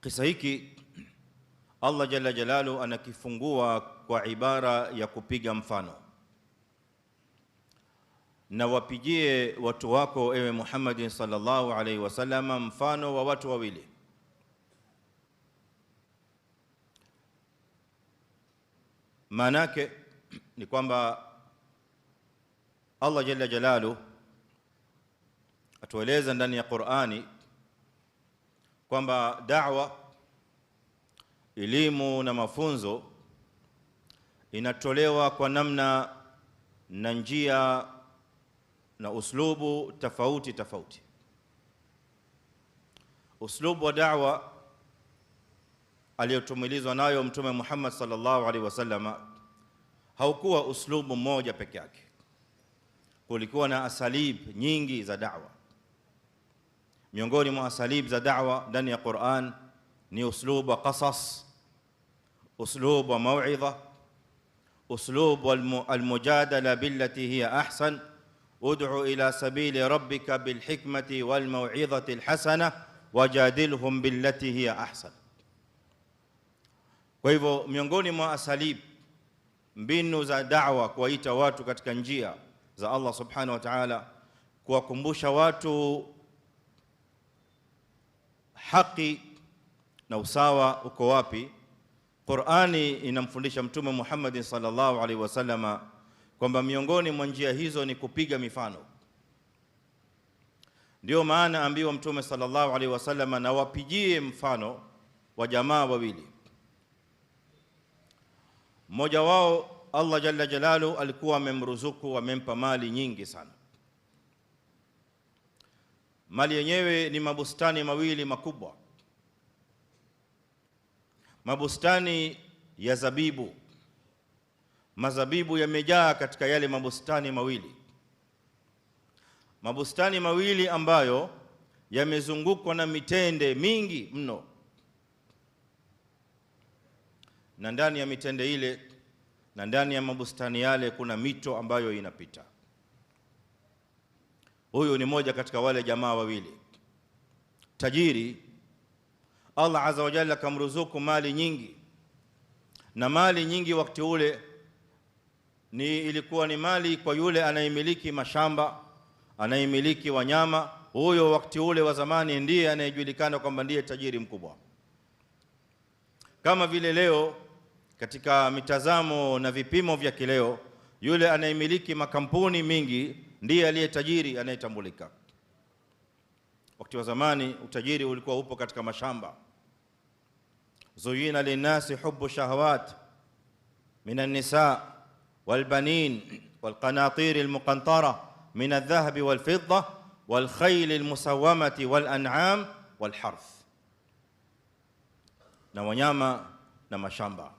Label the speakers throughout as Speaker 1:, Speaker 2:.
Speaker 1: Kisa hiki Allah jalla jalalu anakifungua kwa ibara ya kupiga mfano, na wapigie watu wako ewe Muhammadin sallallahu alaihi wasallam mfano wa watu wawili Maanake ni kwamba Allah jalla jalalu atueleza ndani ya Qur'ani kwamba da'wa, elimu na mafunzo inatolewa kwa namna na njia na uslubu tofauti tofauti. Uslubu wa da'wa aliyotumilizwa nayo Mtume Muhammad sallallahu alaihi wasallam haukuwa uslubu mmoja peke yake, kulikuwa na asalib nyingi za da'wa. Miongoni mwa asalib za da'wa ndani ya Qur'an ni uslub wa qasas, uslub wa mau'idha, uslub wal mujadala billati hiya ahsan, ud'u ila sabili rabbika bil hikmati wal mau'idhati al hasana wajadilhum billati hiya ahsan. Kwa hivyo miongoni mwa asalib mbinu za da'wa kuwaita watu katika njia za Allah subhanahu wa ta'ala, kuwakumbusha watu haki na usawa uko wapi? Qur'ani inamfundisha Mtume Muhammad sallallahu alaihi wasallama kwamba miongoni mwa njia hizo ni kupiga mifano. Ndio maana ambiwa Mtume sallallahu alaihi wasallama, na wapigie mfano wa jamaa wawili, mmoja wao Allah jalla jalalu alikuwa amemruzuku, amempa mali nyingi sana Mali yenyewe ni mabustani mawili makubwa, mabustani ya zabibu. Mazabibu yamejaa katika yale mabustani mawili, mabustani mawili ambayo yamezungukwa na mitende mingi mno, na ndani ya mitende ile na ndani ya mabustani yale kuna mito ambayo inapita. Huyu ni moja katika wale jamaa wawili tajiri. Allah azza wa jalla akamruzuku mali nyingi, na mali nyingi wakati ule ni ilikuwa ni mali kwa yule anayemiliki mashamba, anayemiliki wanyama. Huyo wakati ule wa zamani ndiye anayejulikana kwamba ndiye tajiri mkubwa. Kama vile leo katika mitazamo na vipimo vya kileo, yule anayemiliki makampuni mingi ndiye aliye tajiri anayetambulika. Wakati wa zamani utajiri ulikuwa upo katika mashamba. zuyina linasi hubu shahawat min an-nisa walbanin والقناطير المقنطرة من الذهب والفضة والخيل المسومة والأنعام والحرث na wanyama na mashamba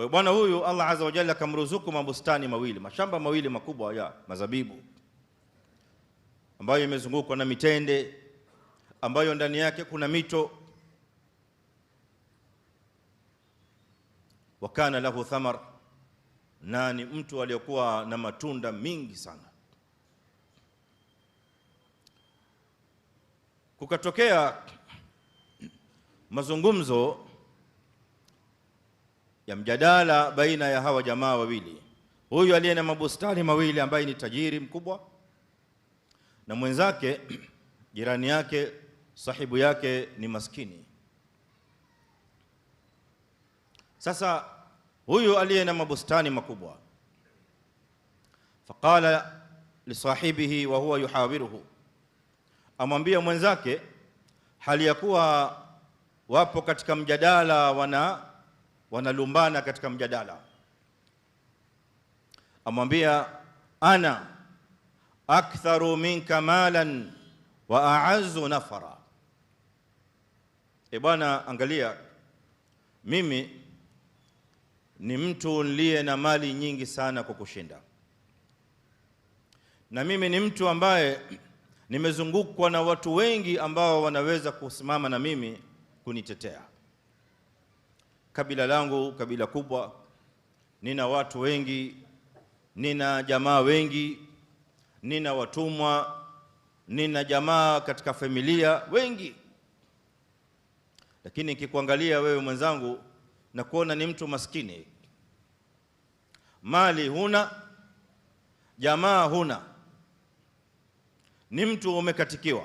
Speaker 1: Kwa hiyo bwana huyu Allah azza wa jalla akamruzuku mabustani mawili, mashamba mawili makubwa ya mazabibu ambayo imezungukwa na mitende ambayo ndani yake kuna mito. Wa kana lahu thamar, na ni mtu aliyokuwa na matunda mingi sana. Kukatokea mazungumzo ya mjadala baina ya hawa jamaa wawili, huyu aliye na mabustani mawili ambaye ni tajiri mkubwa na mwenzake jirani yake sahibu yake ni maskini. Sasa huyu aliye na mabustani makubwa, faqala lisahibihi wa huwa yuhawiruhu, amwambia mwenzake hali ya kuwa wapo katika mjadala wana wanalumbana katika mjadala, amwambia ana aktharu minka malan wa a'azzu nafara. E bwana, angalia, mimi ni mtu niliye na mali nyingi sana kwa kushinda, na mimi ni mtu ambaye nimezungukwa na watu wengi ambao wanaweza kusimama na mimi kunitetea Kabila langu kabila kubwa, nina watu wengi, nina jamaa wengi, nina watumwa, nina jamaa katika familia wengi. Lakini nikikuangalia wewe mwenzangu, na kuona ni mtu maskini, mali huna, jamaa huna, ni mtu umekatikiwa.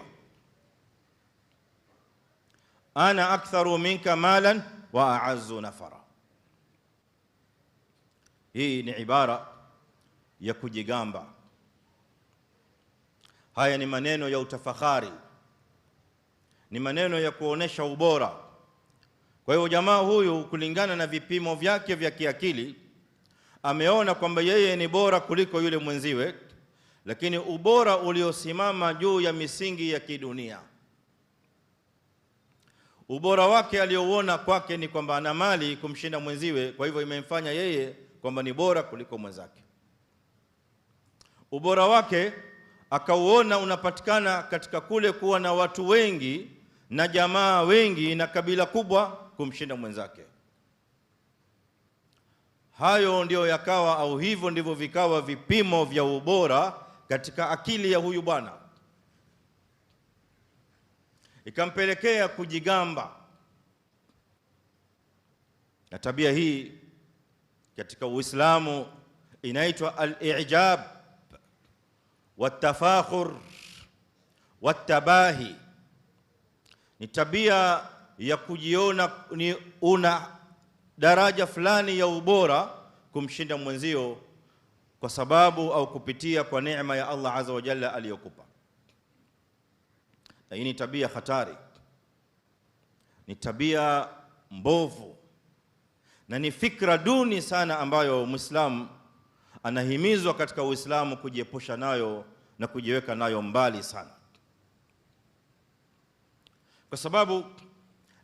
Speaker 1: Ana aktharu minka malan wa a'azzu nafara. Hii ni ibara ya kujigamba. Haya ni maneno ya utafakhari ni maneno ya kuonesha ubora. Kwa hiyo jamaa huyu kulingana na vipimo vyake vya kiakili ameona kwamba yeye ni bora kuliko yule mwenziwe, lakini ubora uliosimama juu ya misingi ya kidunia. Ubora wake aliouona kwake ni kwamba ana mali kumshinda mwenziwe, kwa hivyo imemfanya yeye kwamba ni bora kuliko mwenzake. Ubora wake akauona unapatikana katika kule kuwa na watu wengi na jamaa wengi na kabila kubwa kumshinda mwenzake. Hayo ndiyo yakawa au hivyo ndivyo vikawa vipimo vya ubora katika akili ya huyu bwana ikampelekea kujigamba, na tabia hii katika Uislamu inaitwa al-i'jab watafakhur watabahi, ni tabia ya kujiona ni una daraja fulani ya ubora kumshinda mwenzio kwa sababu au kupitia kwa neema ya Allah azza wa jalla aliyokupa. Na hii ni tabia hatari, ni tabia mbovu na ni fikra duni sana ambayo Muislamu anahimizwa katika Uislamu kujiepusha nayo na kujiweka nayo mbali sana, kwa sababu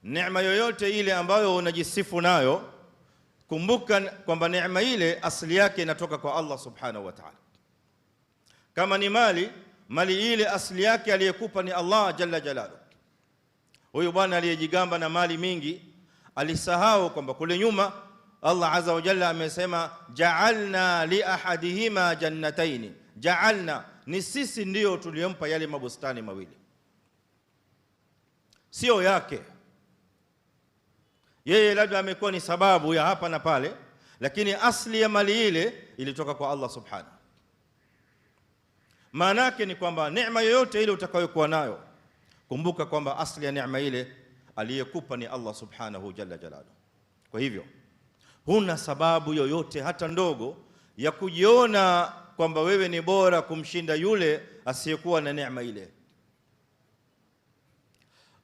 Speaker 1: neema yoyote ile ambayo unajisifu nayo, kumbuka kwamba neema ile asili yake inatoka kwa Allah subhanahu wa ta'ala. Kama ni mali mali ile asili yake aliyekupa ni Allah jalla jalaluhu. Huyu bwana aliyejigamba na mali mingi alisahau kwamba kule nyuma Allah azza wa jalla amesema ja'alna li ahadihima jannataini, ja'alna ni sisi ndiyo tuliyompa yale mabustani mawili, sio yake yeye, labda amekuwa ni sababu ya hapa na pale, lakini asli ya mali ile ilitoka kwa Allah subhanahu maana yake ni kwamba neema yoyote ile utakayokuwa nayo, kumbuka kwamba asli ya neema ile aliyekupa ni Allah subhanahu jalla jalalu. Kwa hivyo huna sababu yoyote hata ndogo ya kujiona kwamba wewe ni bora kumshinda yule asiyekuwa na neema ile.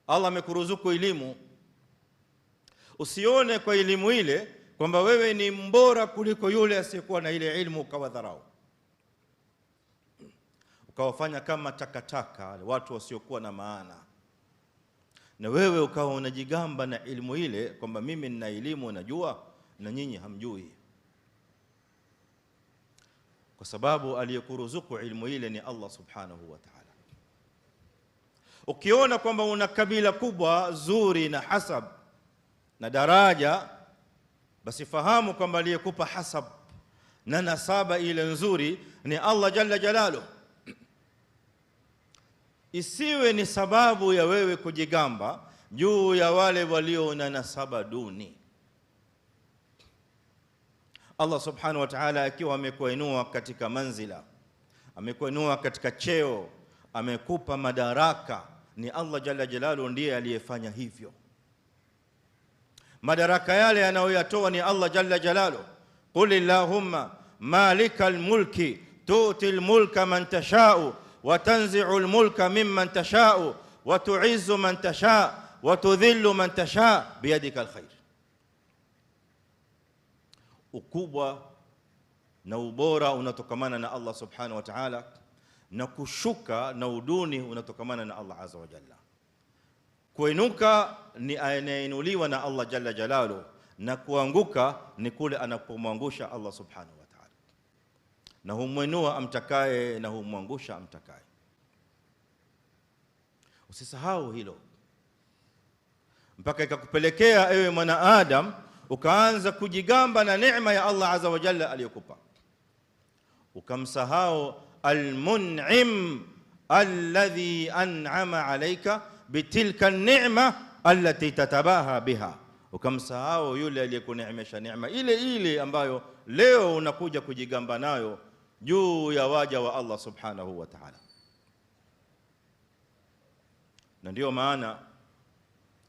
Speaker 1: Allah amekuruzuku elimu, usione kwa elimu ile kwamba wewe ni mbora kuliko yule asiyekuwa na ile ilmu ukawadharau ukawafanya kama takataka, watu wasiokuwa na maana, na wewe ukawa unajigamba na elimu ile kwamba mimi nina elimu najua, na nyinyi hamjui, kwa sababu aliyekuruzuku elimu ile ni Allah subhanahu wa ta'ala. Ukiona kwamba una kabila kubwa zuri na hasab na daraja, basi fahamu kwamba aliyekupa hasab na nasaba ile nzuri ni Allah jalla jalaluhu isiwe ni sababu ya wewe kujigamba juu ya wale walio na nasaba duni. Allah subhanahu wa ta'ala akiwa amekuinua katika manzila, amekuinua katika cheo, amekupa madaraka, ni Allah jalla jalalu ndiye aliyefanya hivyo. Madaraka yale anayoyatoa ni Allah jalla jalalu, qul illahumma malikal mulki tu'til mulka man tasha'u watanziu lmulka mimman tashau watuizu man tasha watudhillu man tasha biyadika alkhair. Ukubwa na ubora unatokamana na Allah subhanahu wa ta'ala, na kushuka na uduni unatokamana na Allah aza wa jalla. Kuinuka ni anayeinuliwa na Allah jalla jalaluhu, na kuanguka ni kule anapomwangusha Allah subhanahu na humwinua amtakaye na humwangusha amtakaye. Usisahau hilo, mpaka ikakupelekea ewe mwanaadam ukaanza kujigamba na neema ya Allah azza wa jalla aliyokupa, ukamsahau almun'im alladhi an'ama alayka bitilka an-ni'ma allati tatabaha biha, ukamsahau yule aliyekuneemesha neema ile ile ambayo leo unakuja kujigamba nayo juu ya waja wa Allah subhanahu wa ta'ala, na ndiyo maana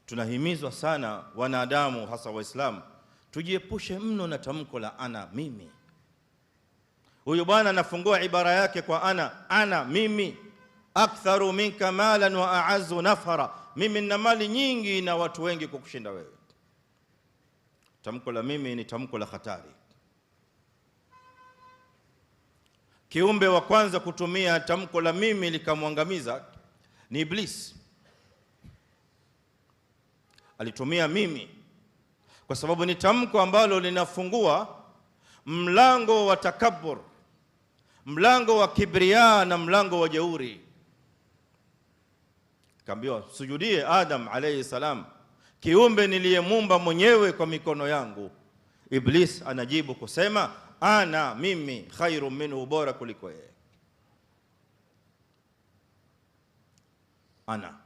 Speaker 1: tunahimizwa sana wanadamu, hasa Waislamu, tujiepushe mno na tamko la ana mimi. Huyu bwana anafungua ibara yake kwa ana, ana mimi, aktharu minka malan wa aazu nafara, mimi nina mali nyingi na watu wengi kukushinda wewe. Tamko la mimi ni tamko la hatari. Kiumbe wa kwanza kutumia tamko la mimi likamwangamiza ni iblis Alitumia mimi kwa sababu ni tamko ambalo linafungua mlango wa takabur, mlango wa kibria na mlango wa jeuri. Kaambiwa sujudie Adam alayhi salam, kiumbe niliyemumba mwenyewe kwa mikono yangu. Iblis anajibu kusema ana mimi khairu minhu, bora kuliko yeye ana